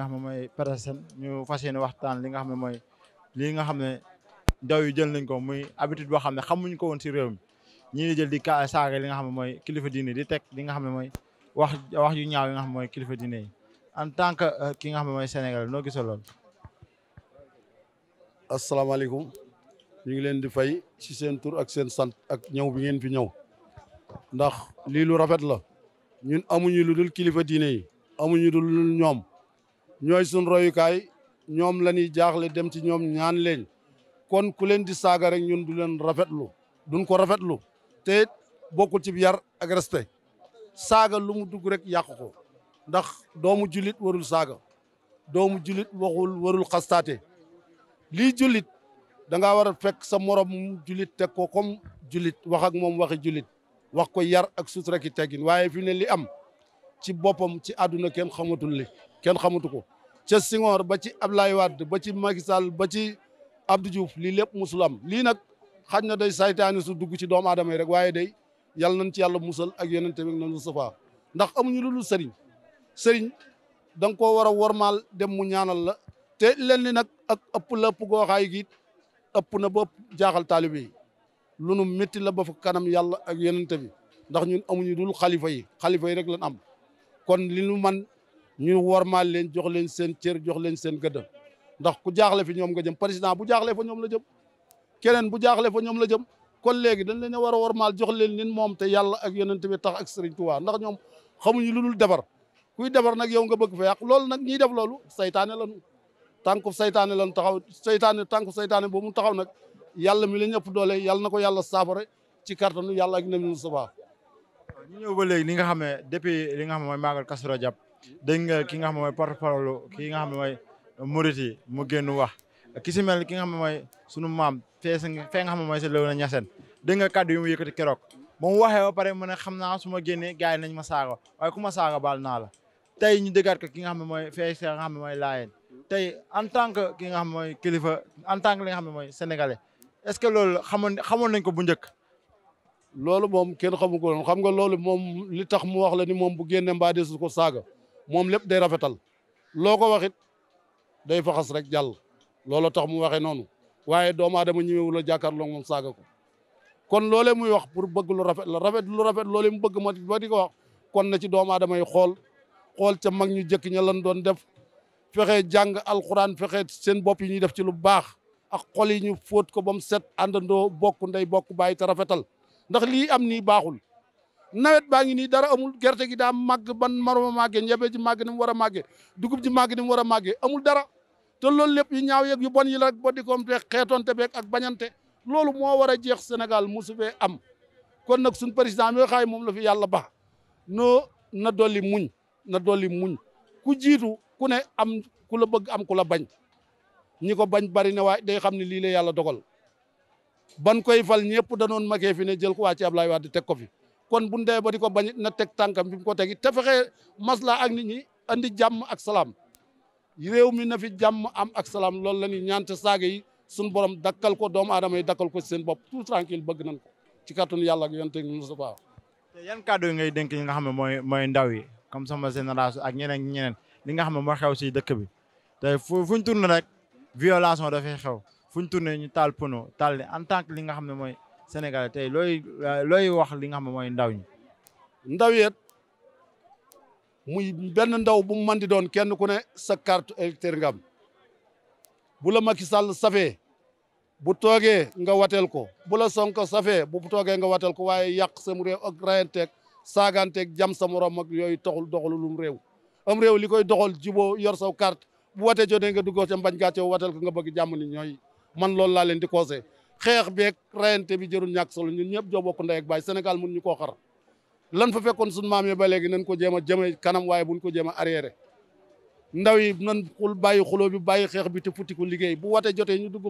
nga xam ne mooy waxtaan li nga xam ne mooy lii nga xam ne ndaw yi jël nañ ko muy habitude boo xam ne xamuñ ko woon si réew mi ñii jël di ka li nga xam ne mooy kilifa diine di teg xam ne mooy wax wax yu ñaaw yi mooy kilifa diine yi en tant que euh, ki nga xam ne mooy Sénégal noo gisal lool. asalaamaaleykum ñu ngi leen di fay si seen tur ak seen sant ak ñëw bi ngeen fi ñëw ndax lii rafet la ñun amuñu lu dul kilifa diine yi amuñu dul ñoom ñooy suñ royukaay ñoom la ñuy jaaxle dem ci ñoom ñaan leen kon ku leen di saaga rek ñun du leen rafetlu duñ ko rafetlu te bokkul ci yar ak respect saaga lu mu dugg rek yàq ko ndax doomu julit warul saaga doomu julit waxul warul xastaate li jullit da ngaa war a fekk sa morom julit teg ko kom julit wax ak moom waxi julit wax ko yar ak sutura rekki teggin waaye fi ne li am ci boppam ci àdduna kenn xamatul li kenn xamatu ko ca Senghor ba ci Ablaye Wade ba ci Macky Sall ba ci Abdou Diouf lii lépp musul am lii nag xaj na day saytaane su dugg ci doomu aadama yi rek waaye day yàlla nañ ci yàlla musal ak yeneen tamit nañ safaa ndax amuñu lu dul sëriñ sëriñ da nga koo war a wormaal dem mu ñaanal la te leen li nag ak ëpp la ëpp gooxaay gi ëpp na bopp jaaxal taalibe yi lu nu métti la ba kanam yàlla ak yeneen bi ndax ñun amuñu dul xalifa yi xalifa yi rek lan am kon li nu man ñu wormaal leen jox leen seen cër jox leen seen gëdd ndax ku jaaxle fi ñoom nga jëm président bu jaaxlee fa ñoom la jëm keneen bu jaaxlee fa ñoom la jëm kon léegi dañ leen a war a wormaal jox leen nin moom te yàlla ak yonent bi tax ak Serigne ndax ñoom xamuñu lu dul defar kuy defar nag yow nga bëgg fa yàq loolu nag ñiy def loolu saytaane lañu tànku saytaane lañu taxaw saytaane tànku saytaane boobu mu taxaw nag yàlla mi la ñëpp doole yàlla na ko yàlla saafara ci kartanu yàlla ak nabi Mustafa ñu ñëw ba léegi li nga xam ne depuis li nga xam ne mooy màggal Kazu Rajab dégg nga ki nga xam ne mooy porte-parole ki nga xam ne mooy murit yi mu génn wax ki si ki nga xam ne mooy sunu maam fee fee nga xam ne mooy sa Léona Niassène dégg nga kàddu yi mu yëkkati keroog ba mu waxee ba pare mu ne xam naa su ma génnee gars nañ ma saaga waaye ku ma saaga baal naa la tey ñu dëggaat ko ki nga xam ne mooy fee xam ne mooy laayeen tey en tant que ki nga xam ne mooy kilifa en tant li nga xam ne mooy sénégalais est-ce que lool xam o xamoon nañ ko bu njëkk loolu moom kenn xamu ko xam nga loolu moom li tax mu wax la ni moom bu génne mbaa ko saaga moom lépp day rafetal loo ko waxit day faxas rek jàll looloo tax mu waxee noonu waaye doom doomu aadama ñëwewul a jàkkaarloo moom saaga ko kon loole muy wax pour bëgg lu rafet la rafet lu rafet loole mu bëgg ma ba di ko wax kon na ci doomu aadama xool xool ca mag ñu jëkk ña doon def fexe jàng alxuraan fexe seen bopp yi ñuy def ci lu baax ak xol yi ñu fóot ko ba mu set àndandoo bokk ndey bokk bay te rafetal ndax lii am nii baaxul nawet baa ngi nii dara amul gerte gi daa màgg ban maroma màggee ñebe ji màgg ni mu war a màggee dugub ji màgg ni mu war a màggee amul dara te loolu lépp yi ñaaw yeeg yi bon yi la rek ba di koom te xeetoonte ak bañante loolu moo war a jeex Sénégal mosu fee am kon nag suñ président mi xaay moom la fi yàlla baax noo na dolli muñ na dolli muñ ku jiitu ku ne am ku la bëgg am ku la bañ ñi ko bañ bari ne waaye day xam ni lii la yàlla dogal ban koy fal ñëpp danoon makee fi ne jël ko waa ci Ablaye Wade teg ko fi kon bu ndee ba di ko bañ na teg tànkam bi mu ko tegi te fexe masla ak ni ñi andi jàmm ak salaam réew mi na fi jàmm am ak salaam loolu la ñuy ñaante saaga yi suñu borom dakkal ko doomu adama yi dakkal ko seen bopp tout tranquille bëgg nañ ko ci kàttanu yàlla ak yonent bi Mustafa yan kàddu yi ngay dénk yi nga xam ne mooy mooy ndaw yi comme sama génération ak ñeneen ñeneen li nga xam ne mooy xew si dëkk bi tey fu fuñ tourné rek violation dafay xew fuñ tourné ñu taal pono taal en tant que li nga xam ne mooy Sénégal tey looy euh, looy wax li nga xam mooy ndaw ñi. ndaw yeet muy benn ndaw bu mu mën di doon kenn ku ne sa kart électeur nga bu la Macky Sall safee bu toogee nga wateel ko bu la Sonko safee bu toogee nga wateel ko waaye yàq sam réew ak rayanteeg saaganteeg jam sa morom ak yooyu taxul doxalu lum réew am réew li koy doxal jiboo yor saw carte bu watee jotee nga duggoo ca mbañ gàcce wateel ko nga bëgg jàmm ni ñooy man loolu laa leen di conseillé xeex beeg rayante bi jërul ñàkk solo ñun ñëpp joo bokk ndey ak baay Sénégal mun ñu koo xar lan fa fekkoon suñu maam yi ba léegi nañ ko jéem a jëme kanam waaye buñ ko jéem a arrière ndaw yi nan xul bàyyi xuloo bi bàyyi xeex bi te futti ku liggéey bu watee jotee ñu dugg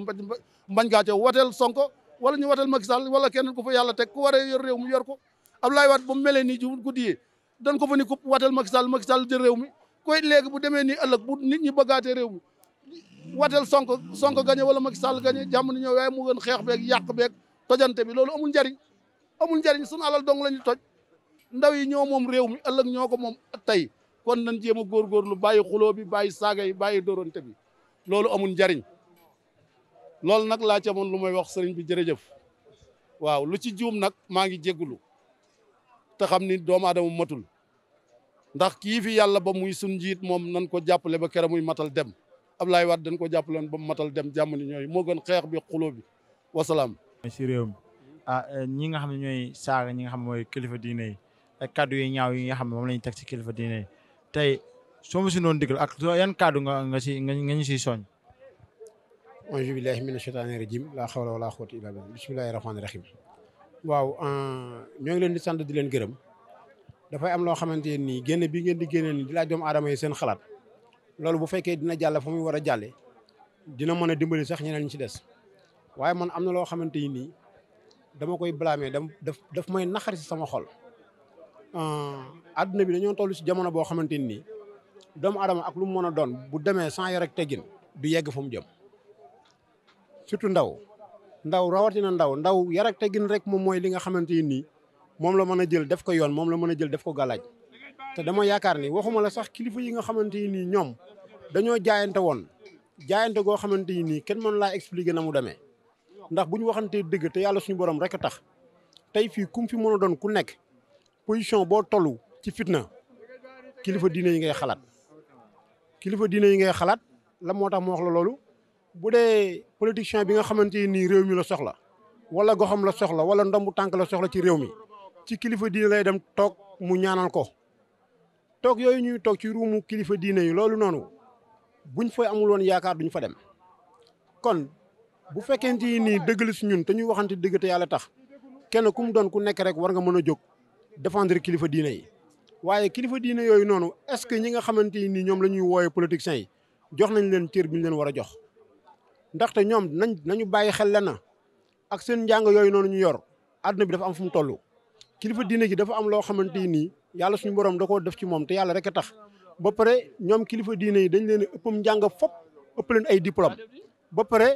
mbañ gàcce wateel Sonko wala ñu wateel Macky Sall wala kenn ko fa yàlla teg ko waree yor réew mi yor ko Abdoulaye Wade ba mu melee nii ju guddiyee dañ ko fa ni ko wateel Macky Sall Macky Sall jël réew mi koy léegi bu demee nii ëllëg bu nit ñi bëggaatee réew mi watel Sonko Sonko gañe wala Macky Sall gañe jàmm ni ñëw waaye mu gën xeex beeg yàq beeg tojante bi loolu amul njariñ amul njariñ sunu alal dong la ñu toj ndaw yi ñoo moom réew mi ëllëg ñoo ko moom tey kon nañ jéem a góorgóorlu bàyyi xuloo bi bàyyi saaga yi bàyyi dóorante bi loolu amul njariñ loolu nag laa ca lu may wax sëriñ bi jërëjëf waaw lu ci juum nag maa ngi jéggulu te xam ni doomu aadama matul ndax kii fi yàlla ba muy sun njiit moom nan ko jàppale ba kera muy matal dem Ablaye Wade dañ ko jàppaloon ba mu matal dem jàmm ñooy moo gën xeex bi xuloo bi wasalaam. si réew ah eh, ñi nga xam ne ñooy saaga ñi nga xam mooy kilifa diine yi eh, ak yi ñaaw yi nga xam ne moom la ñu teg si kilifa diine yi tey soo ma si noonu digal ak yan kàddu nga si nga ñu siy soñ auzu billahi mina shaytaani rajim laa xawla wala quwwata illa billah bismillahi rahmaani rahim waaw ah, ñoo ngi leen di sant di leen gërëm dafay am loo xamante nii génn bi ngeen di génne ni di laaj doomu aadama yi seen xalaat loolu bu fekkee dina jàll fa muy war a jàllee dina mën a dimbali sax ñeneen ñi ci des waaye man am na loo xamante ni nii dama koy blâmer dam daf daf may naxari sama xol. adduna euh, bi dañoo toll si jamono boo xamante ni doomu adama ak lu mu mën a doon bu demee san yar ak teggin du yegg fu mu jëm surtout ndaw ndaw rawatina ndaw ndaw yarak ak teggin rek moom mooy li nga xamante ni moom la mën a jël def ko yoon moom la mën a jël def ko galaaj. te dama yaakaar ni waxuma la sax kilifa yi nga xamante yi nii ñoom dañoo jaayante woon jaayante goo xamante yi nii kenn mën laa expliquer na mu demee ndax bu ñu waxantee dëgg te yàlla suñu borom rek a tax tey fii kum fi mën doon ku nekk position boo tollu ci fitna kilifa diine yi ngay xalaat kilifa diine yi ngay xalaat la moo tax ma wax la loolu bu dee politicien bi nga xamante nii réew mi la soxla wala goxam la soxla wala ndombu tànk la soxla ci réew mi ci kilifa diine lay dem toog mu ñaanal ko toog yooyu ñuy toog ci ruumu kilifa diina yi loolu noonu buñ fa amul woon yaakaar duñu fa dem kon bu fekkente ni dëgg la si ñun te ñuy waxante dëgg yàlla tax kenn ku mu doon ku nekk rek war nga mën a jóg défendre kilifa diine yi. waaye kilifa diine yooyu noonu est-ce que ñi nga xamante nii ñoom lañuy ñuy wooyee yi jox nañ leen cër bi ñu leen war a jox ndaxte ñoom nañ nañu bàyyi xel lenn ak seen njàng yooyu noonu ñu yor àdduna bi dafa am fu mu toll. kilifa diine yi dafa am loo xamante nii yàlla suñu borom da koo def ci moom te yàlla rek a tax ba pare ñoom kilifa diine yi dañ leen ëppam njàng fop ëpp leen ay diplôme ba pare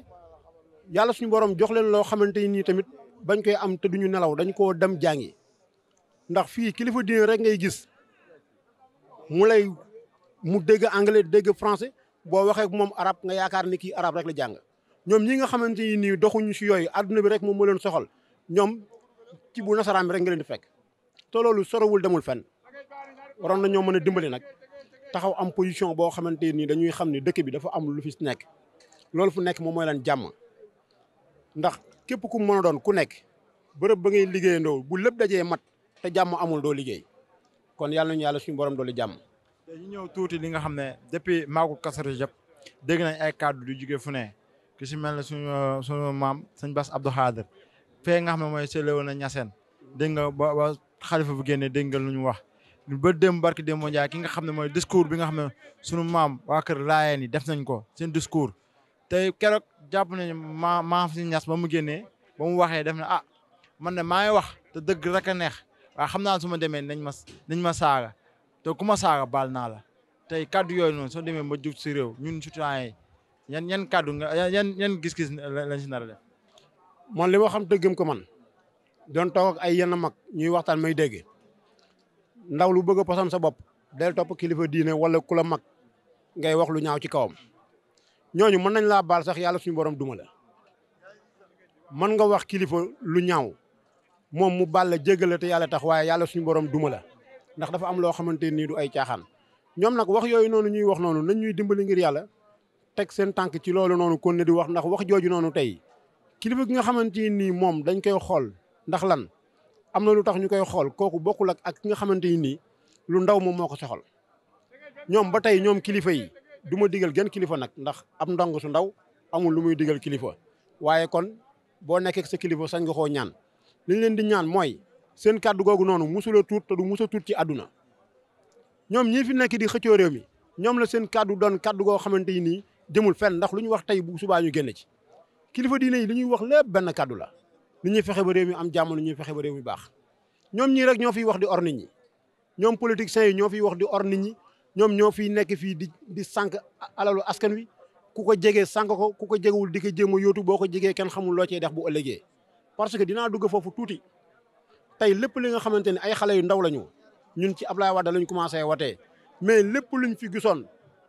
yàlla suñu boroom jox leen loo xamante ni tamit bañ koy am te duñu nelaw dañ koo dem jàngi ndax fii kilifa diine rek ngay gis mu lay mu dégg anglais dégg français boo waxee moom arab nga yaakaar ne kii arab rek la jàng ñoom ñi nga xamante nii doxuñu si yooyu adduna bi rek moom moo leen soxal ci bu nasaraam bi rek nga leen di fekk te loolu sorowul demul fenn waroon na ñoo mën a dimbali nag taxaw am position boo xamante nii dañuy xam ne dëkk bi dafa amul lu fi nekk loolu fu nekk moom mooy lan jàmm ndax képp ku mën doon ku nekk bërëb ba ngay liggéeyandoo bu lépp dajee mat te jàmm amul doo liggéey kon yàlla nañu yàlla suñu borom dooli jàmm dañu ñëw tuuti li nga xam ne depuis maako kasari jëpp dégg nañ ay kàddu du jóge fu ne ki si mel ne suñu suñu maam sëñ Bass Abdou fee nga xam ne mooy sële woon na ñaseen dégg nga ba ba xalifa bu génnee dégg nga lu ñu wax ba dem barki dem moo njaay ki nga xam ne mooy discours bi nga xam ne sunu maam waa kër laayeen def nañ ko seen discours te keroog jàpp nañu ma maam si ñas ba mu génnee ba mu waxee def na ah man ne maa ngi wax te dëgg rek a neex waaw xam naa su ma demee nañ ma nañ ma saaga te ku ma saaga baal naa la tey kaddu yooyu noonu soo demee ma jub si réew ñun surtout yi yan ñan kaddu nga yan yan gis-gis lañ si nar a man li ma xam tëggam ko man doon toog ay yenn mag ñuy waxtaan may dégg ndaw lu bëgg a posam sa bopp del topp kilifa diine wala ku la mag ngay wax lu ñaaw ci kawam ñooñu mën nañ laa baal sax yàlla suñu borom duma la mën nga wax kilifa lu ñaaw moom mu baal la jéggal yàlla tax waaye yàlla suñu borom duma la ndax dafa am loo xamante nii du ay caaxaan ñoom nag wax yooyu noonu ñuy wax noonu nañ ñuy dimbali ngir yàlla teg seen tànk ci loolu noonu kon ne di wax ndax wax jooju noonu tey kilifa gi nga xamante nii moom dañ koy xool ndax lan am na lu tax ñu koy xool kooku bokkul ak ak ki nga xamante nii lu ndaw moom moo ko soxal ñoom ba tey ñoom kilifa yi du ma digal genn kilifa nag ndax am ndong su ndaw amul lu muy digal kilifa waaye kon boo nekkee sa kilifa sañ nga koo ñaan li ñu leen di ñaan mooy seen kàddu googu noonu musula tuut te du musa tuut ci àdduna ñoom ñii fi nekk di xëccoo réew mi ñoom la seen kàddu doon kàddu goo xamante yi nii jëmul fenn ndax lu ñu wax tey bu subaa ñu génn ci kilifa diine yi li ñuy wax lépp benn kàddu la ni ñuy fexe ba réew mi am jàmm ñuy fexe ba réew mi baax ñoom ñii rek ñoo fiy wax di or nit ñi ñoom politiciens yi ñoo fiy wax di or nit ñi ñoom ñoo fiy nekk fii di di sànq alalu askan wi ku ko jegee sànq ko ku ko jegewul di ko jéem a yóotu boo ko jegee kenn xamul loo cee def bu ëllëgee parce que dinaa dugg foofu tuuti tey lépp li nga xamante ne ay xale yu ndaw lañu ñun ci Ablaye Wade lañ commencé watee mais lépp luñ fi gisoon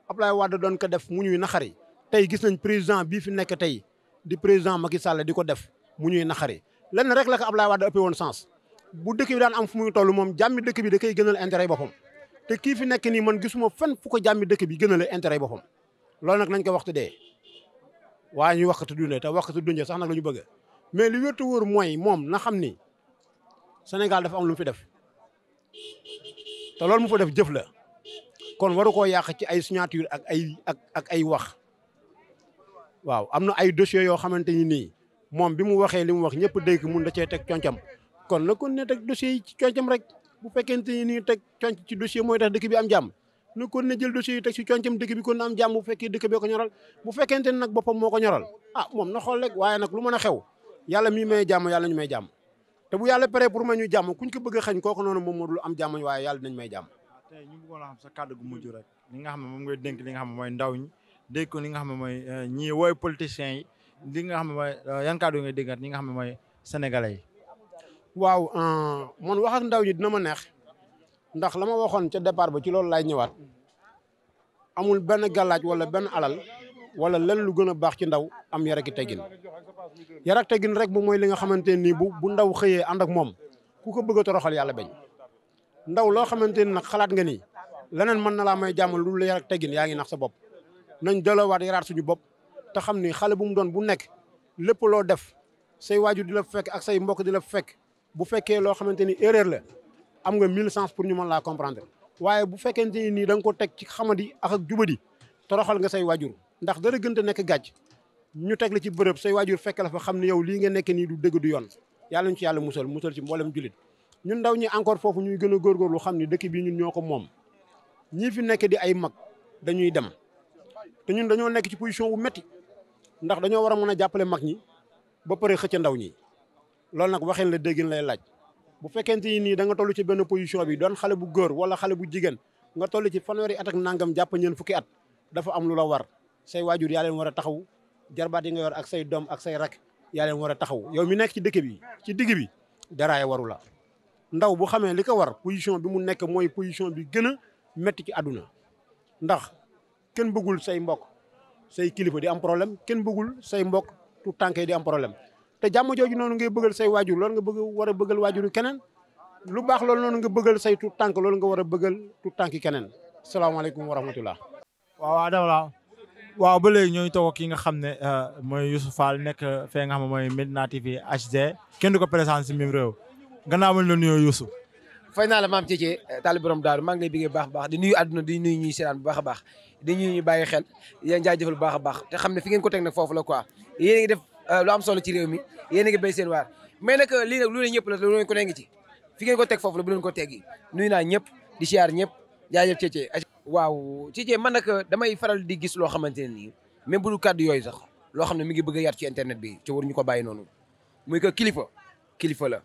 Ablaye Wade doon ko def mu ñuy naxari tey gis nañ président bii fi nekk tey di président Macky Sall di ko def mu ñuy naxari lenn rek la ko Ablaye Wade ëppee woon sens bu dëkk bi daan am fu muy toll moom jàmmi dëkk bi da gënale gënal intérêt boppam te kii fi nekk nii man gisuma fenn fu ko jàmmi dëkk bi gënale intérêt boppam loolu nag nañ ko waxtu dee waaye ñuy waxtu dundee te waxtu dundee sax nag la ñu bëgg mais li wér te wóor mooy moom na xam ni Sénégal dafa am lu mu fi def te loolu mu fa def jëf la kon waru koo yàq ci ay signature ak ay ak ak ay wax waaw am na ay dossiers yoo xamante ni nii moom bi mu waxee li mu wax ñëpp dégg mun da cee teg concam kon na kon ne teg dossiers yi ci concam rek bu fekkente ni nii teg conc ci dossier mooy tax dëkk bi am jàmm na kon ne jël dossiers yi teg ci concam dëkk bi kon na am jàmm bu fekkee dëkk ko ñoral bu fekkente ni nag boppam moo ko ñoral ah moom na xool rek waaye nag lu mën a xew yàlla mii may jàmm yalla ñu may jàmm te bu yàlla paree pour ma ñu jàmm kuñ ko bëgg a xañ kooku noonu moom moo dul am jàmm waaye yàlla dinañ may jàmm tey ñu bëggoon a xam sa kàddu gu mujj rek li nga xam ne moom ngay denk li nga xam mooy ndaw ñi dégg ko li nga xam ne mooy euh, ñi wooy politiciens yi li nga xam ne mooy euh, yan déggat ñi nga xam ne mooy sénégalais yi. waaw euh, man wax ndaw ñi dina ma neex ndax la ma waxoon ca départ ba ci loolu laay ñëwaat amul benn gàllaaj wala benn alal wala lenn lu gën a baax ci ndaw am yar ak teggin yar teggin rek moom mooy li nga xamante ne nii bu bu ndaw xëyee ànd ak moom ku ko bëgg a toroxal yàlla bañ ndaw loo xamante ni nag xalaat nga ni leneen mën na laa may jàmm lu yar ak teggin yaa ngi nax sa bopp. nañ delawaat yaraat suñu bopp te xam ni xale bu mu doon bu nekk lépp loo def say waajur di la fekk ak say mbokk di la fekk bu fekkee loo xamante ni erreur la am nga mille sens pour ñu mën laa comprendre waaye bu fekkente ni nii da nga ko teg ci xamadi ak ak jubadi toroxal nga say waajur ndax dara gënte nekk gàcc ñu teg la ci bërëb say waajur fekke la fa xam ne yow lii nga nekk nii du dëgg du yoon yàlla ñu ci yàlla musal musal ci mboolem jullit ñu ndaw ñi encore foofu ñuy gën a xam ne dëkk bi ñun ñoo ko moom ñii fi nekk di ay mag dañuy dem te ñun dañoo nekk ci position bu métti ndax dañoo war a mën a jàppale mag ñi ba pare xëcc ndaw ñi loolu nag waxee la déggin lay laaj bu fekkente ni nii da nga toll ci benn position bi doon xale bu góor wala xale bu jigéen nga toll ci fanweeri at ak nangam jàpp fukki at dafa am lu la war say waajur yaa leen war a taxaw jarbaat yi nga yor ak say doom ak say rak yaa leen war a taxaw yow mi nekk ci dëkk bi ci digg bi daraaye waru la ndaw bu xamee li ko war position bi mu nekk mooy position bi gën a métti ci àdduna ndax kenn bëggul say mbok say kilifa di am problème kenn bëggul say mbokk tu tànkee di am problème te jàmm jooju noonu ngay bëggal say waajur loolu nga bëgg war a bëggal waajuru keneen lu baax loolu noonu nga bëggal say tu tànk loolu nga war a bëggal tu tànki keneen salaamaaleykum wa rahmatullah waaw waaw dama la waaw ba léegi ñooñu toog ki nga xam ne euh, mooy Youssou Fall nekk fee nga xam mooy Medina TV HD kenn du ko présenter si même réew gannaaw ma la nuyoo Youssou fay naa la maam Cece taali euh, borom daaru maa baax di nuyu di nuyu ñuy seetaan bu baax a baax di ñu bàyyi xel yaa jaajëfal bu baax a baax te xam ne fi ngeen ko teg nag foofu la quoi yéen a ngi def euh, lu am solo ci réew mi yéen a ngi béy seen waar mais nag nag lu ne ñëpp la lu ko nee ngi ci fi ngeen ko teg foofu la bu leen ko teggi nuyu naa ñëpp di siyaar ñëpp jaajëf Cece waaw Cece man nag damay faral di gis loo xamante ne nii même bu dul kàddu yooyu sax loo xam ne mi ngi bëgg a ci internet bi ci waruñu ko bàyyi noonu muy que kilifa kilifa la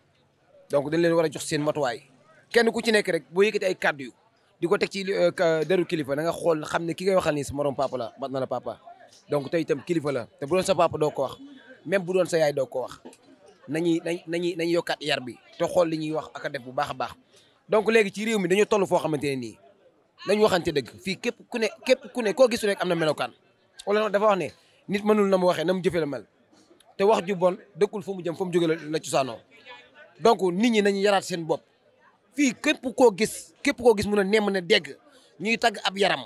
donc dañ leen war a jox seen matuwaay kenn ku ci nekk rek boo yëkkati ay kàddu yu di ko teg ci euh, deru kilifa da nga xool xam ne ki ngay waxal nii sa morom papa la mat na la papa donc tey itam kilifa la te bu doon sa papa doo ko wax même bu doon sa yaay doo ko wax nañuy nañuy nañuy yokkaat yar bi te xool li ñuy wax ak bu baax a baax donc léegi ci réew mi dañoo toll foo xamante ne nii nañu waxante dëgg fii képp ku ne képp ku ne gisu rek am na melokaan na dafa wax ne nit mënul na mu waxee na mu jëfee la mel te wax ju bon dëkkul fu mu jëm fu mu jóge la cosaanoo donc nit ñi nañu yaraat seen bopp fii képp koo gis képp koo gis mun a nemm ne dégg ñuy tagg ab yaram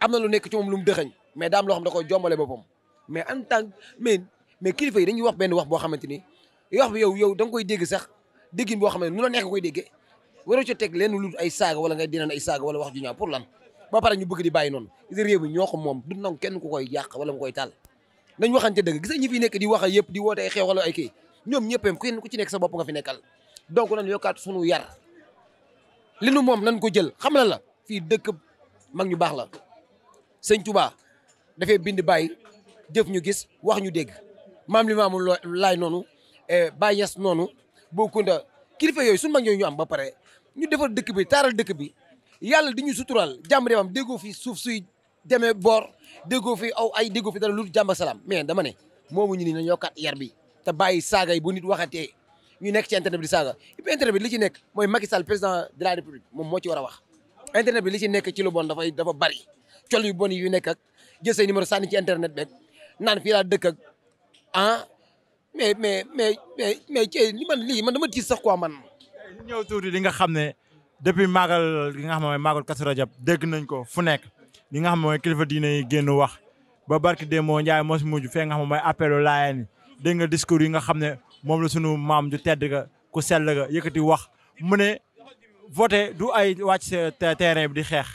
am na lu nekk ci moom lu mu dëxëñ mais daam loo xam da koy jombale boppam mais en tant mais mais kilifa yi dañuy wax benn wax boo xamante ni wax bi yow yow da nga koy dégg sax déggin boo xam ne nu la nekk koy déggee waroo ca teg lenn lu ay wala ngay ay saaga wala wax ju ñaaw pour lan ba pare ñu bàyyi noonu gis réew ñoo ko moom du nangu kenn ku koy yàq wala mu koy taal nañ waxante dëgg gis ñi nekk di wax yëpp di woote ay xew wala ay kii ñoom ñëppam kenn ku ci nekk sa bopp nga fi nekkal donc nañ yokkaat sunu yar li nu moom nan ko jël xam la la fii dëkk mag ñu baax la sëñ Touba dafay bind bàyyi jëf ñu gis wax ñu dégg maam li maamu laay noonu eh, Baye Niass noonu Bou Kounda kilifa yooyu suñu mag yooyu ñu am ba pare ñu defar dëkk bi taaral dëkk bi yàlla di ñu suturaal jàmm am déggoo fi suuf suy demee boor déggoo fi aw ay déggoo fi dara lu jàmm ak salaam mais dama ne moomu ñu na ñoo kat yar te bàyyi saaga yi bu nit waxatee ñu nekk ci internet bi di saaga internet bi li ci nekk mooy Macky Sall président de la république moom moo ci war a wax internet bi li ci nekk ci lu bon dafay dafa bari col yu bon yu nekk ak jël say numéro sànni ci internet beeg naan fi laa dëkk ak ah mais mais mais mais mais ci li man lii man dama tiis sax quoi ñëw tuuti li nga xam ne depuis maagal li nga xam ne mooy maagal Kazu dégg nañ ko fu nekk li nga xam ne mooy kilifa diine yi génn wax ba barki démb Ndiaye moo si mujj fee nga xam ne mooy appelu laayeen dégg nga discours yi nga xam ne moom la sunu maam ju tedd ga ku sell ga yëkkati wax mu ne voté du ay wàcc sa terrain bi di xeex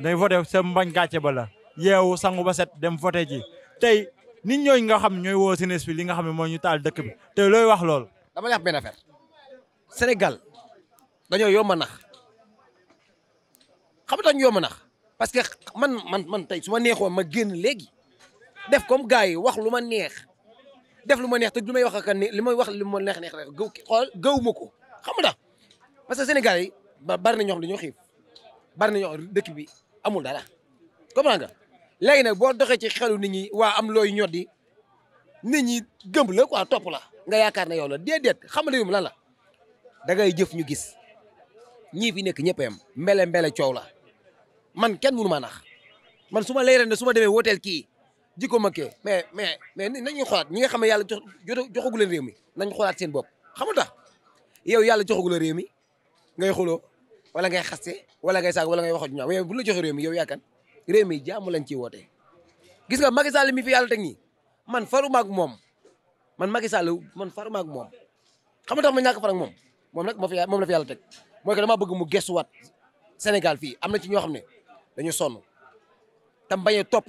day voté sa mbañ gàcce ba la yeewu sangu ba set dem voté ji tey nit ñooñu nga xam ñooy woo jeunesse bi li nga xam ne mooy ñu taal dëkk bi tey looy wax loolu. dama lay wax benn affaire Sénégal dañoo yomb a nax xam nga dañu ma nax parce que man man man tey su ma neexoo ma génn léegi def comme gars yi wax lu ma neex. def lu ma neex te li may wax ak ni li may wax li ma neex neex rek gaw xool gaw ma ko xam nga parce que Sénégal yi ba bari na ñoo xam dañoo xiif bari na ñoo dëkk bi amul dara comprendre nga léegi nag boo doxee ci xelu nit ñi waa am looy ñoddi nit ñi gëm la quoi topp la nga yaakaar ne yow la déedéet xam nga lan la da ngay jëf ñu gis ñii fi nekk ñëpp yam mbele mbele coow la man kenn wunu ma nax man su ma leeral ne su ma demee wooteel kii jikko makkee mais mais mais nañuy xoolaat ñi nga xam ne yàlla jox joxagu leen réew mi nañ xoolaat seen bopp xam nga tax yow yàlla joxagu la réew mi ngay xuloo wala ngay xaste wala ngay saag wala ngay wax ju ñaaw mais bu la joxee réew mi yow yaakan réew mi jaamu lañ ciy wootee gis nga Macky Sall mi fi yàlla teg nii man faru mag moom man Macky Sall man faruma ak moom xam nga tax ma ñàkk far ak moom moom nag moo fi moom la fi yàlla teg moo que dama bëgg mu gestuwaat Sénégal fii am na ci ñoo xam ne dañu sonn tam topp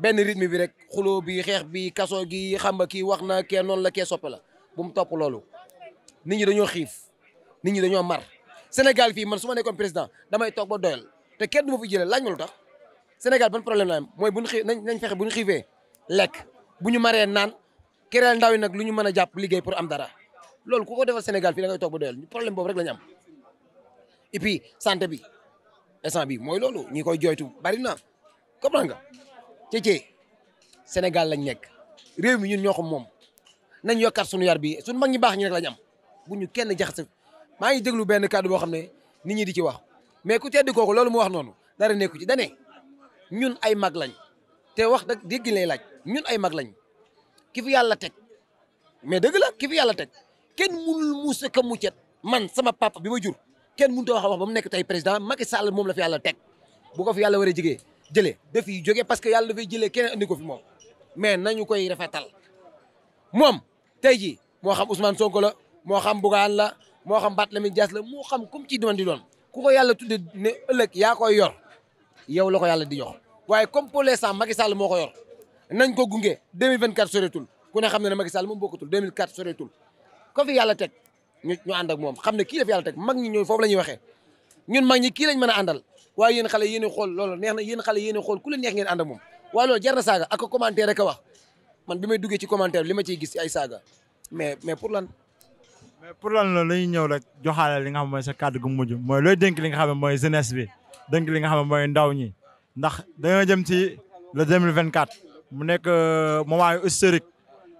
benn rythme bi rek xuloo bi xeex bi kaso gi xamba kii wax na kee noonu la kee soppe la bu mu topp loolu nit ñi dañoo xiif nit ñi dañoo mar Sénégal fii man su ma nekkoon président damay toog ba doyal te kenn du ma fi jëlee laaj ma lu tax Sénégal ban problème la am mooy bu ñu xii nañ fexe bu ñu xiifee lekk bu ñu maree naan kereel ndaw yi nag lu ñu mën a jàpp liggéey pour am dara loolu ku ko defal Sénégal fii da ngay toog ba doyal problème boobu rek la ñu am et puis santé bi instant bi mooy loolu ñi koy jooytu bari na comprendre nga. cëcee Sénégal lañ nekk réew mi ñun ñoo ko moom nañ yokkaat suñu yar bi suñu mag ñi baax ñi rek lañ bu ñu kenn jaxase maa ngi déglu benn kàddu boo xam ne nit ñi di ci wax mais ku tedd kooku loolu mu wax noonu dara nekku ci dane ñun ay mag lañ te wax nag dégg lay laaj ñun ay mag lañ ki fi yàlla teg mais dëgg la ki fi yàlla teg kenn mënul muus ka muccet man sama papa bi ma jur kenn mënut a wax wax ba mu nekk tey président Macky Sall moom la fi yàlla teg bu ko fi yàlla war jigee jëlee daf yi jógee parce que yàlla dafay jëlee keneen andi ko fi moom mais nañu koy rafetal moom tey jii moo xam Ousmane Sonko la moo xam Bougane la moo xam mi Dias la moo xam comme ci diman di doon ku ko yàlla tudde ne ëllëg yaa koy yor yow la ko yàlla di jox waaye comme pour l'instant Macky Sall moo ko yor nañ ko gunge 2024 soreetul ku ne xam ne ne Macky Sall moom bokkatul 2004 soreetul ko fi yàlla teg ñu ñu ànd ak moom xam ne kii fi yàlla teg mag ñi ñooy foofu la ñuy waxee ñun mag ñi kii lañ mën a àndal waaye yéen xale yéen xool loolu neex na yéen xale yéen xool ku leen neex ngeen ànd ak moom waaye loolu jar na saaga ak commentaire rek a wax man bi may duggee ci commentaire li ma ciy gis ay saaga mais mais pour lan mais pour lan loolu lañuy ñëw rek joxaale li nga xam mooy sa kàddu gu mujj mooy looy dénk li nga xam ne mooy jeunesse bi dénk li nga xam ne mooy ndaw ñi ndax dañoo jëm ci le 2024 mu nekk euh, moment historique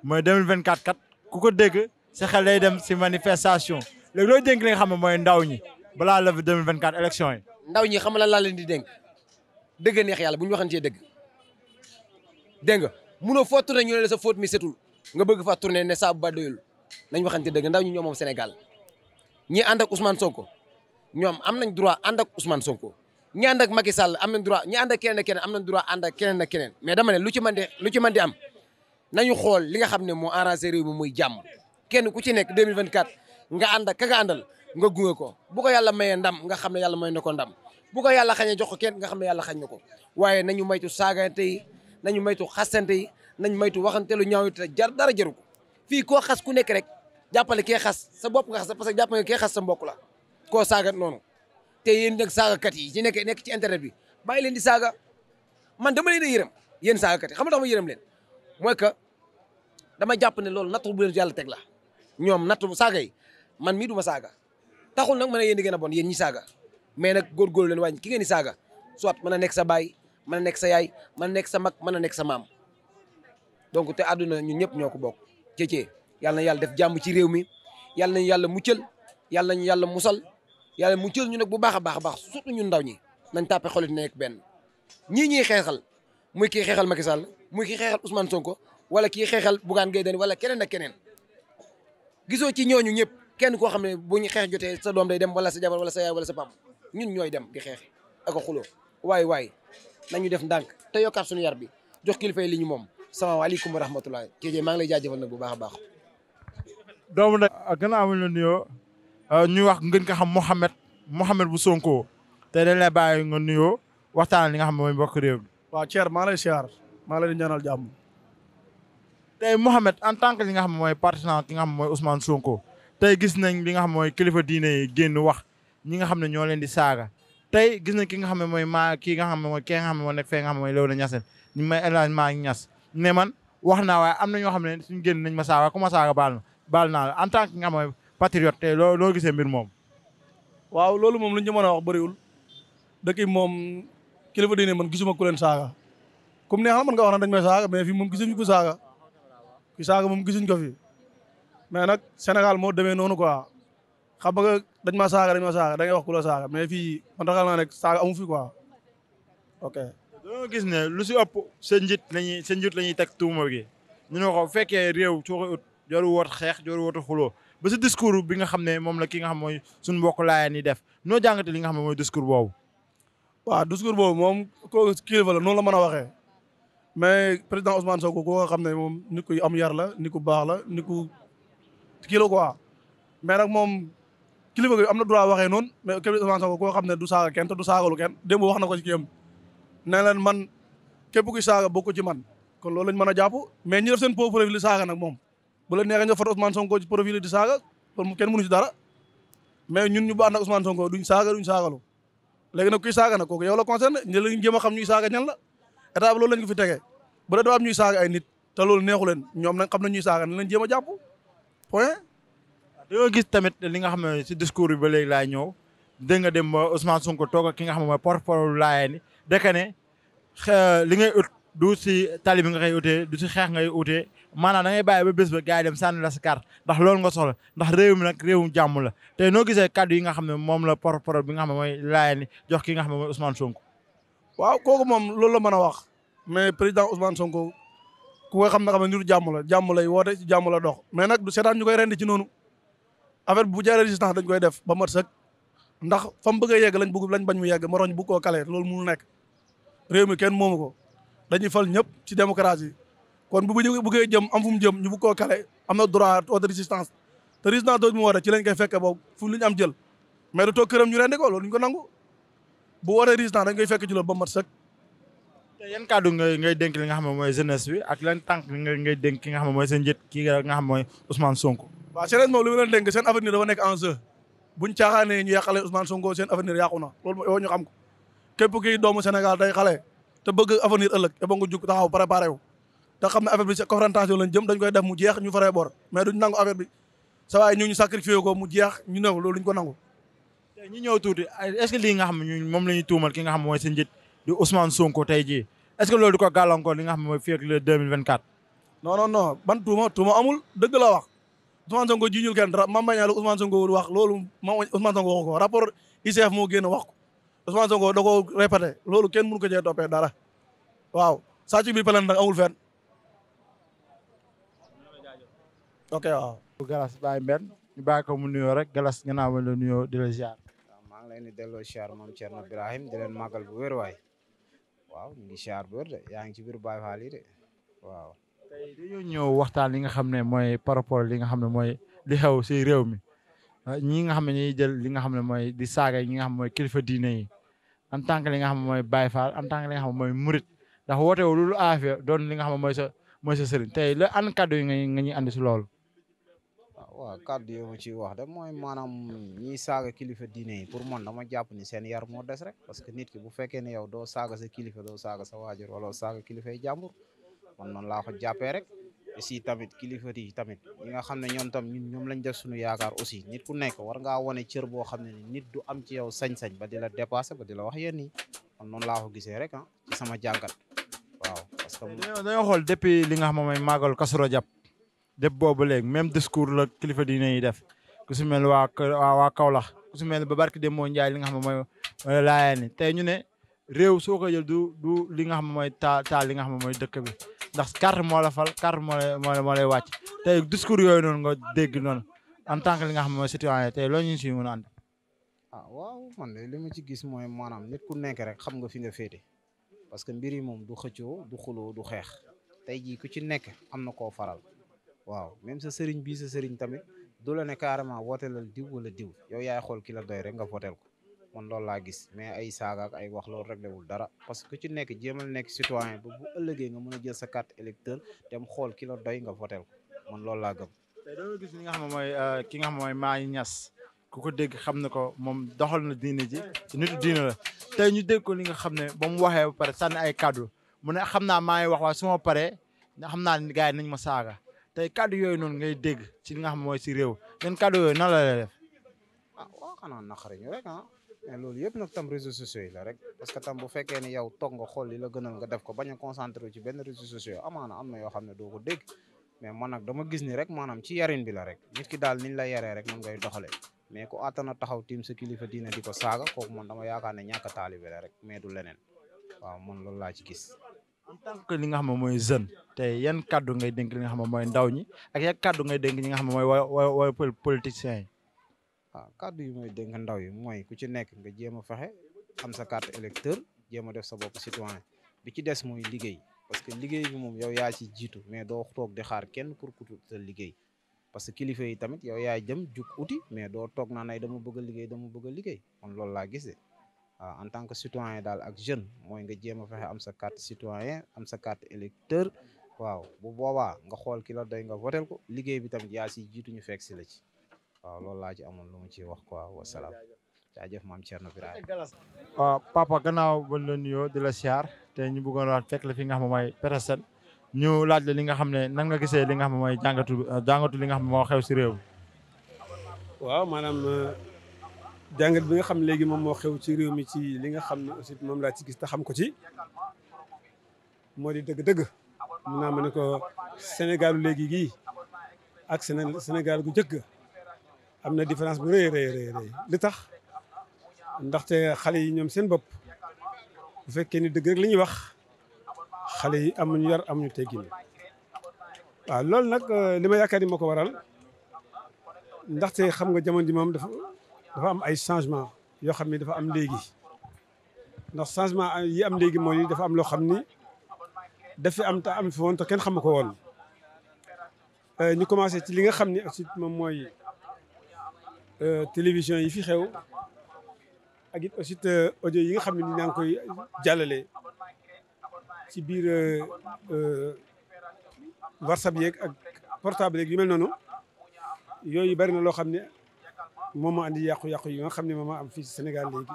mooy 2024 kat ku ko dégg sa xel lay dem si manifestation léegi looy dénk li nga xam ne mooy ndaw ñi balaa la 2024 élection yi ndaw ñi xam la laa leen di dénk dëgg neex yàlla bu ñu waxantee dëgg dégg nga munoo foo tourné ñu ne la sa foot mi setul nga bëgg faa tourné ne saabu ba doyul nañ waxante dëgg ndaw ñi ñoo moom Sénégal ñi ànd ak Ousmane Sonko ñoom am nañ droit ànd ak Ousmane Sonko ñi ànd ak Macky Sall am nañ droit ñi ànd ak keneen ak keneen am nañ droit ànd ak keneen mais dama ne lu ci mën lu ci mën di am nañu xool li nga xam ne moo arrangé réew mi muy jàmm kenn ku ci nekk 2024 nga ànd ak ka nga nga gunge ko bu ko yàlla mayee ndam nga xam ne yàlla may na ko ndam bu ko yàlla xañee jox ko kenn nga xam ne yàlla xañ na ko waaye nañu maytu saaga tey nañu maytu xasante yi nañ maytu waxante lu ñaaw te jar dara jaru ko fii koo xas ku nekk rek jàppale kee xas sa bopp nga xas parce que jàppale kee xas sa mbokk la koo saaga noonu te yéen nag saagakat yi ci nekk nekk ci internet bi bàyyi leen di saaga man dama leen a yërëm yéen saagakat yi xam nga tax ma yërëm leen mooy que dama jàpp ne loolu nattu bu leen yàlla teg la ñoom natt bu saaga yi man mii du ma saaga taxul nag mën a yéen di gën a bon yéen ñi saaga mais nag góorgóorlu leen wàññi ki ngeen di saaga soit mën a nekk sa baay mën nekk sa yaay mën nekk sa mag mën a nekk sa maam donc te àdduna ñun ñëpp ñoo ko bokk céecee yàlla na yàlla def jàmm ci réew mi yàlla nañu yàlla muccal yàlla nañu yàlla musal yàlla muccal ñu nag bu baax a baax a baax ñun ndaw ñi nañ tàppe xolit nekk benn ñii ñuy xeexal muy kii xeexal Macky Sall muy kii xeexal Ousmane Sonko wala kii xeexal Bougane Gueye Dany wala keneen ak keneen gisoo ci ñooñu ñëpp kenn koo xam ne bu ñu xeex jotee sa doom day dem wala sa jabar wala sa yaay wala sa papa ñun ñooy dem di xeexi ak a xuloo waaye waaye nañu def ndànk te yokkaat suñu yar bi jox kilifa yi li ñu moom salaamaaleykum wa rahmatulah jéejee maa ngi lay jaajëfal nag bu baax a baax. doomu nag ah, gannaaw ñu la nuyoo ah, wax ngeen ko xam Mouhamed Mouhamed bu Sonko te dañ lay nga nuyoo waxtaan li nga xam mooy mbokk réew mi. waaw Thierno maa lay siyaar maa lay ñaanal jàmm. tey Mouhamed en tant que li nga xam mooy partisan ki nga xam mooy Ousmane Sonko. tey gis nañ li nga xam mooy kilifa diine yi génn wax ñi nga xam ne ñoo leen di saaga tey gis nañ ki nga xam ne mooy maa ki nga xam ne mooy ki nga xam ne moo xam ne mooy Léona Niassène ñu may élage maa ngi ne man wax na waaye am na ñoo xam ne suñu génn nañ ma saaga ku ma saaga baal ma baal naa la en tant que nga xam ne patriote tey loo loo gisee mbir moom waaw loolu moom lu ñu mën a wax bëriwul dëkk yi moom kilifa diine man gisuma ku leen saaga comme neex na mën nga wax na dañ may saaga mais fii moom gisuñ ko saaga ki saaga moom gisuñ ko fi mais nag Sénégal moo demee noonu quoi xam nga dañ ma saaga dañ ma saaga da wax ku la saaga mais fii man taxal naa nekk saaga amu fi quoi ok. dañoo gis ne lu si ëpp seen njit lañuy seen njit teg tuuma gi ñu ne ko fekkee réew coono ut jooru woot xeex jooru woot xuloo ba si discours bi nga xam ne moom la ki nga xam mooy suñu mbokk laayeen yi def noo jàngate li nga xam ne mooy discours boobu. waaw discours boobu moom ko kilifa la noonu la mën a waxee mais président Ousmane Sonko xam ne moom nit am yar la nit ku baax la nit kii la quoi mais nag moom kilifa gi am na droit waxee noon mais képp Ousmane koo xam ne du saaga kenn te du saagalu kenn démb wax na ko ci kiyam ne leen man képp ku saaga bokku ci man kon loolu lañ mën a jàpp mais ñi def seen profil di moom bu la neexee nga foto Ousmane Sonko ci profil di saaga kon kenn mënu ci dara ñu baax nag Ousmane Sonko saaga duñ saagalu léegi nag kuy saaga nag kooku yow la concerné ñi la ñu jéem a xam ñuy saaga ñan la état loolu lañ fi tegee bu dee doo ñuy saaga ay nit te loolu neexu leen ñoom na xam na ñuy saaga ne leen jéem a jàpp point. Ah, dañoo gis tamit li nga xam ne si discours bi ba léegi laa ñëw dégg nga dem ba Ousmane Sonko toog ki nga xam ne mooy porte-parole Laayeen dëkk ne eh, li ngay du si tali bi nga koy utee du si xeex ngay utee maanaam da ngay bàyyi ba bés ba gars yi la sa carte loolu nga soxla ndax réew nag réewum jàmm la te noo gisee kàddu yi nga xam ne moom la porte-parole bi nga xam ne mooy ni jox ki nga xam ne mooy Ousmane Sonko. waaw kooku moom loolu la a wax mais président Ousmane Sonko ku ko xam na xam ne nitu jàmm la jàmm lay woote ci jàmm la dox mais nag du seetaan ñu koy rendi ci noonu affaire bu jaree résistance dañ koy def ba mat sëkk ndax fa mu bëgg a yegg lañ bëgg lañ bañ mu yegg moroñ bu koo kale loolu mënu nekk réew mi kenn moomu ko dañuy fal ñëpp ci démocratie kon bu ñu bëggee jëm am fu mu jëm ñu bëgg koo kale am na droit de résistance te résistance dootu mu woote ci lañ koy fekke boobu jël mais du toog këram ñu rendi ko loolu ñu ko nangu bu wootee résistance dañ koy fekk ci loolu ba mat sëkk yan kàddu ngay ngay dénk li nga xam ne mooy jeunesse bi ak lan tànk ngay ngay dénk ki nga xam ne mooy seen njët kii nga xam mooy Ousmane Sonko. waaw jeunesse moom li ma leen dénk seen avenir dafa nekk en jeu buñ caaxaanee ñu yàqale Ousmane Sonko seen avenir yàqu na loolu mooy ñu xam ko képp kii doomu Sénégal day xale te bëgg avenir ëllëg te ba nga jug taxaw préparé wu te xam ne affaire bi confrontation lañ jëm dañ koy def mu jeex ñu faree bor mais duñ nangu affaire bi sa waaye ñu ñu sacrifié ko mu jeex ñu new loolu duñ ko nangu ñu ñëw tuuti est-ce que lii nga xam ne moom la ñuy tuumal ki nga xam mooy seen njët di Ousmane Sonko tey jii est ce que loolu di ko gàllankoor li nga xam ne mooy fii ak le 2024. non non non ban tuuma tuuma amul dëgg la wax Ousmane Sonko jiñul kenn dara Mame Mbaye Niang la Ousmane Sonko wax loolu ma Ousmane Sonko waxu ko rapport ICF moo wax ko Ousmane Sonko da répété loolu kenn mënu ko jee toppee dara waaw saa ci biir pelan nag amul fenn. ok waaw. Galas Baye Mbène ñu bàyyi ko mu nuyoo rek Galas nga naa la nuyoo di maa ngi leen di delloo ziar moom Thierno Ibrahim di leen màggal bu waay waaw ñu ngi siyaar bu wér de yaa ngi ci biir Baye Fall yi de waaw. tey dañoo ñëw waxtaan li nga xam ne mooy par rapport li nga xam ne mooy li xew si réew mi ah, ñi nga xam ne ñuy jël li nga xam ne mooy di saaga ñi nga xam mooy kilifa diine yi en tant li nga xam mooy Baye Fall en tank que li nga xam mooy murit ndax woote wu lu doon li nga xam mooy sa mooy sa sëriñ tey la an kàddu yi nga ñuy andi si loolu. wa kàddu yi ma ciy wax de mooy maanaam ñiy saaga kilifa diine yi pour man dama jàpp ni seen yar moo des rek parce que nit ki bu fekkee ne yow saaga sa kilifa doo saaga sa waajur wala saaga kilifa yi jàmbur man noonu laa ko jàppee rek aussi tamit kilifa yi tamit ñi nga xam ne ñoom tam ñoom lañ def suñu yaakaar aussi nit ku nekk war ngaa wane cër boo xam ne ni nit du am ci yow sañ-sañ ba di la dépassé ba di la wax yenn yi man noonu laa ko gisee rek ah ci sama jàngat waaw parce que dañoo xool depuis li def boobu léegi même discours la kilifa diine yi def ku si mel waa waa Kaolack ku ba barki dem moo njaay li nga xam ne mooy laayeen ni tey ñu ne réew soo ko du du li nga xam mooy taal taal li nga xam ne mooy dëkk bi ndax carte moo la fal carte moo lay moo lay te tey discours yooyu noonu nga dégg noonu en tant que li nga xam ne mooy citoyen tey loolu ñu si mën a ànd. ah waaw man de li ma ci gis mooy maanaam nit ku nekk rek xam nga fi nga féete parce que mbir yi moom du xëccoo du xuloo du xeex te jii ku ci nekk am na koo faral. waaw même sa sëriñ bii sa sëriñ tamit du la ne carrément wooteelal diw wala diw yow yaay xool ki la doy rek nga vooteel ko man loolu laa gis mais ay saaga ay wax loolu réglé wul dara parce que ci nekk jéemal nekk citoyen ba bu ëllëgee nga mën a jël sa carte électeur dem xool ki la nga vooteel ko man loolu laa gëm. tey doo gis li nga xam ne euh, ki nga xam mooy Mahi Niass ku ko dégg xam na ko moom doxal na diine ji nitu diine la te ñu dégg ko li nga xam ne ba mu waxee ba pare sànni ay kàddu mu ne xam naa maa ngi wax waaye su pare paree xam naa ne gars nañ ma saaga. tey kàddu yooyu noonu ngay dégg ci li mooy si réew yéen kàddu yooyu nan la lay def. ah waaw xanaa naqari ñu rek ah mais loolu yëpp nag tam réseaux sociaux yi la rek parce bu fekkee ne yow toog nga xool li la gënal nga def ko bañ a concentré ci benn réseaux sociaux am na yoo xam ne doo ko dégg mais man nag dama gis ni rek maanaam ci yarin bi la rek nit ki daal niñ la yaree rek moom ngay doxalee mais ku attana taxaw tiim sa kilifa diina di ko saaga kooku man dama yaakaar ne ñàkk taalibe la rek mais du leneen waaw man loolu laa ci gis. en tant que li nga xam mooy jeune te yan kàddu ngay dénk li nga xam mooy ndaw ñi ak yan kàddu ngay dénk ñi nga xam ne mooy wa wa politiciens yi. waaw ah, kàddu yi mooy dénk ndaw yi mooy ku ci nekk nga jéem a fexe xam sa carte électeur jéem a def sa bopp citoyen bi ci des mooy liggéey parce que liggéey bi moom yow yaa ci jiitu mais doo toog di xaar kenn pour ku sa liggéey parce que kilifa yi tamit yow yaay jëm jug uti mais doo toog naa nay dama bëgg a dama bëgga a loolu laa gisee. waaw euh, en tant que citoyen daal ak jeune mooy nga jéem a fexe am sa carte citoyen am sa carte waaw bu boobaa nga xool ki la nga votel ko liggéey bi tam yaa si jiitu ñu fek si la ci waaw laaj amoon lu mu ciy wax quoi wasalaam jaajëf maam Thierno Birahim waaw papa ganaaw ba la nuyoo di la siyaar te ñu bëggoon a fekk la fi nga xam ne mooy Petersen ñu laaj la li nga xam ne nan nga gisee li nga xam ne mooy jàngatu jàngatu li nga xam moo xew si réew waaw jàngat bi nga xam léegi moom moo xew ci réew mi ci li nga xam ne aussi moom laa ci gis te ko ci moo di dëgg-dëgg mun ne ko Sénégalu léegi gi ak Sénégal gu njëkk am na différence bu rëy rëy rëy li tax ndaxte xale yi ñoom seen bopp bu fekkee ni dëgg rek li ñuy wax xale yi am amuñu yar am ñu teggin waaw loolu nag euh, li ma yaakaar yi moo ko waral ndaxte xam nga jamono ji moom dafa dafa am ay changement yoo xam ne dafa am léegi ndax changement yi am léegi mooy dafa am loo xam ni dafa am ta am fi woon te kenn xamu ko woon euh, ñu commencé ci li nga xam ne aussi moom mooy euh, télévision yi fi xew ak it aussi audio yi nga xam ne ni naa ngi koy jàllale ci biir euh, whatsapp yeeg ak portable yeeg yu mel noonu yooyu bari na loo xam ne moom moo andi yàqu-yàqu yi nga xam ne moom moo am fii ci Sénégal léegi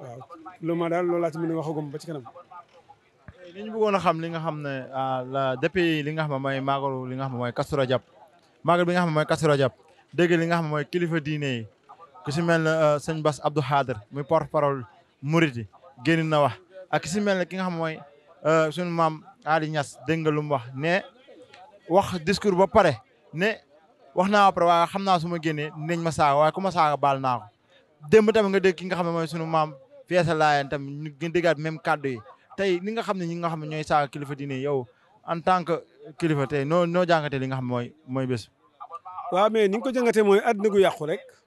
waaw loolu ma daal loolu laa ci mën a waxagum ba ci kanam. li ñu bëggoon a xam li nga xam ne ah, la depuis li nga xam ne mooy maagalu li nga xam mooy Kazu Rajab maagal bi nga xam ne mooy Kazu Rajab dégg li nga xam ne mooy kilifa diine yi ku si mel ne ah, sëñ Bass Abdou Khader muy porte-parole Mouride génn na wax ak si mel ne ki nga xam mooy ah, suñu maam Ali Niass dégg nga lu mu wax ne wax discours ba pare ne. wax naa waaye xam na su ma génnee dinañ ma saaga waaye ku ma saaga baal naa ko démb tamit nga dégg ki nga xam ne mooy sunu maam Fiesa Laayeen tamit ñu ngi déggaat même kàddu yi tey ni nga xam ne ñi nga xam ne ñooy saaga kilifa diine yaw en tant que kilifa tey noo noo jàngatee li nga xam mooy mooy bés. waaw mais ni nga ko jàngatee mooy àddina gu yàqu rek